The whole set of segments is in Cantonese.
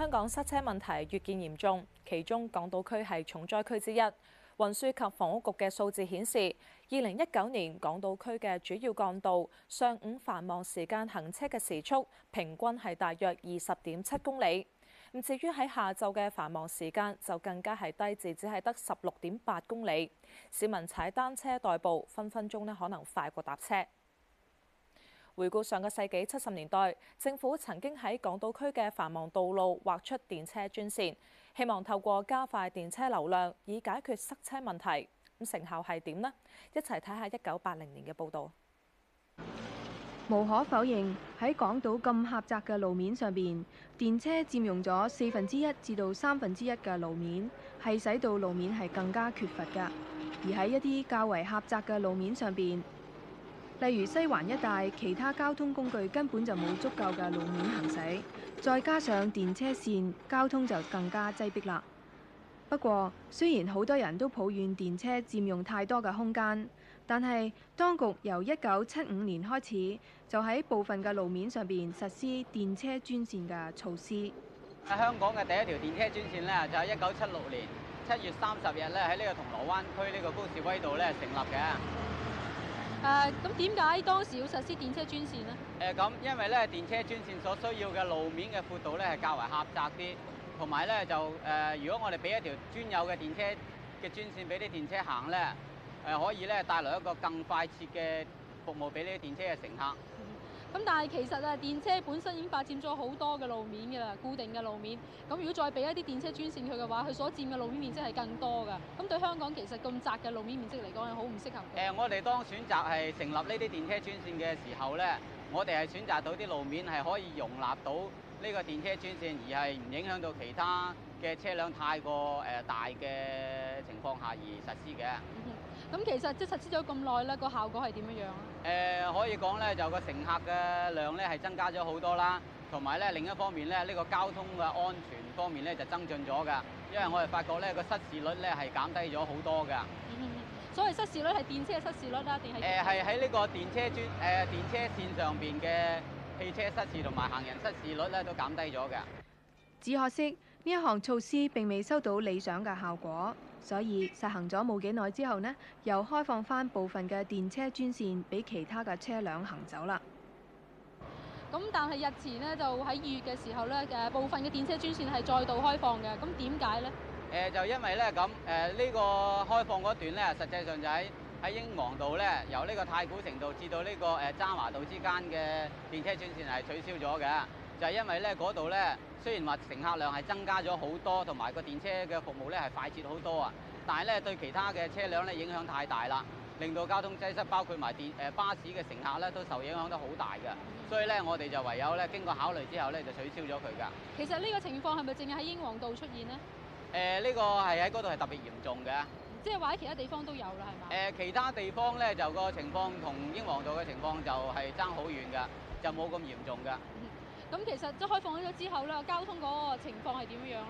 香港塞車問題越見嚴重，其中港島區係重災區之一。運輸及房屋局嘅數字顯示，二零一九年港島區嘅主要幹道上午繁忙時間行車嘅時速平均係大約二十點七公里。咁至於喺下晝嘅繁忙時間，就更加係低至只係得十六點八公里。市民踩單車代步，分分鐘呢可能快過搭車。回顧上個世紀七十年代，政府曾經喺港島區嘅繁忙道路劃出電車專線，希望透過加快電車流量，以解決塞車問題。咁成效係點呢？一齊睇下一九八零年嘅報導。無可否認喺港島咁狹窄嘅路面上邊，電車佔用咗四分之一至到三分之一嘅路面，係使到路面係更加缺乏㗎。而喺一啲較為狹窄嘅路面上邊，例如西環一帶，其他交通工具根本就冇足夠嘅路面行駛，再加上電車線，交通就更加擠迫啦。不過，雖然好多人都抱怨電車佔用太多嘅空間，但係當局由一九七五年開始，就喺部分嘅路面上面實施電車專線嘅措施。喺香港嘅第一條電車專線呢，就喺一九七六年七月三十日呢，喺呢個銅鑼灣區呢個高士威道呢成立嘅。誒，咁點解當時要實施電車專線呢？誒、啊，咁因為咧，電車專線所需要嘅路面嘅闊度咧係較為狹窄啲，同埋咧就誒、呃，如果我哋俾一條專有嘅電車嘅專線俾啲電車行咧，誒、啊，可以咧帶來一個更快捷嘅服務俾呢啲電車嘅乘客。咁但係其實啊，電車本身已經霸佔咗好多嘅路面㗎喇，固定嘅路面。咁如果再俾一啲電車專線佢嘅話，佢所佔嘅路面面積係更多㗎。咁對香港其實咁窄嘅路面面積嚟講係好唔適合嘅。誒、呃，我哋當選擇係成立呢啲電車專線嘅時候咧，我哋係選擇到啲路面係可以容納到呢個電車專線，而係唔影響到其他嘅車輛太過誒大嘅情況下而實施嘅。咁其實即係實施咗咁耐咧，個效果係點樣樣啊？誒，可以講咧，就個乘客嘅量咧係增加咗好多啦。同埋咧，另一方面咧，呢個交通嘅安全方面咧就增進咗㗎。因為我哋發覺咧個失事率咧係減低咗好多㗎。嗯哼，所謂失事率係電車嘅失事率啦，定係？誒係喺呢個電車專誒電車線上邊嘅汽車失事同埋行人失事率咧都減低咗嘅。只可惜，呢一項措施並未收到理想嘅效果，所以實行咗冇幾耐之後呢，又開放翻部分嘅電車專線俾其他嘅車輛行走啦。咁但係日前呢就喺二月嘅時候呢誒部分嘅電車專線係再度開放嘅，咁點解呢？誒、呃、就因為咧咁誒呢、呃呢個開放嗰段咧，實際上就喺喺英皇道咧由呢個太古城道至到呢、呢個誒、呃、渣華道之間嘅電車專線係取消咗嘅。就係因為咧，嗰度咧雖然話乘客量係增加咗好多，同埋個電車嘅服務咧係快捷好多啊，但係咧對其他嘅車輛咧影響太大啦，令到交通擠塞，包括埋電誒、呃、巴士嘅乘客咧都受影響得好大嘅。所以咧，我哋就唯有咧經過考慮之後咧，就取消咗佢㗎。其實呢個情況係咪淨係喺英皇道出現呢？誒、呃，呢、呢個係喺嗰度係特別嚴重嘅、嗯。即係話喺其他地方都有啦，係嘛？誒、呃，其他地方咧就個情況同英皇道嘅情況就係爭好遠㗎，就冇咁嚴重㗎。嗯。咁其實即開放咗之後咧，交通嗰個情況係點樣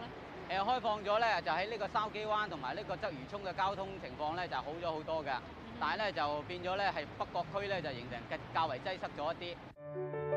咧？誒，開放咗咧，就喺呢個筲箕灣同埋呢個鰂魚涌嘅交通情況咧，就好咗好多嘅。嗯、哼但係咧，就變咗咧，係北角區咧，就形成較為擠塞咗一啲。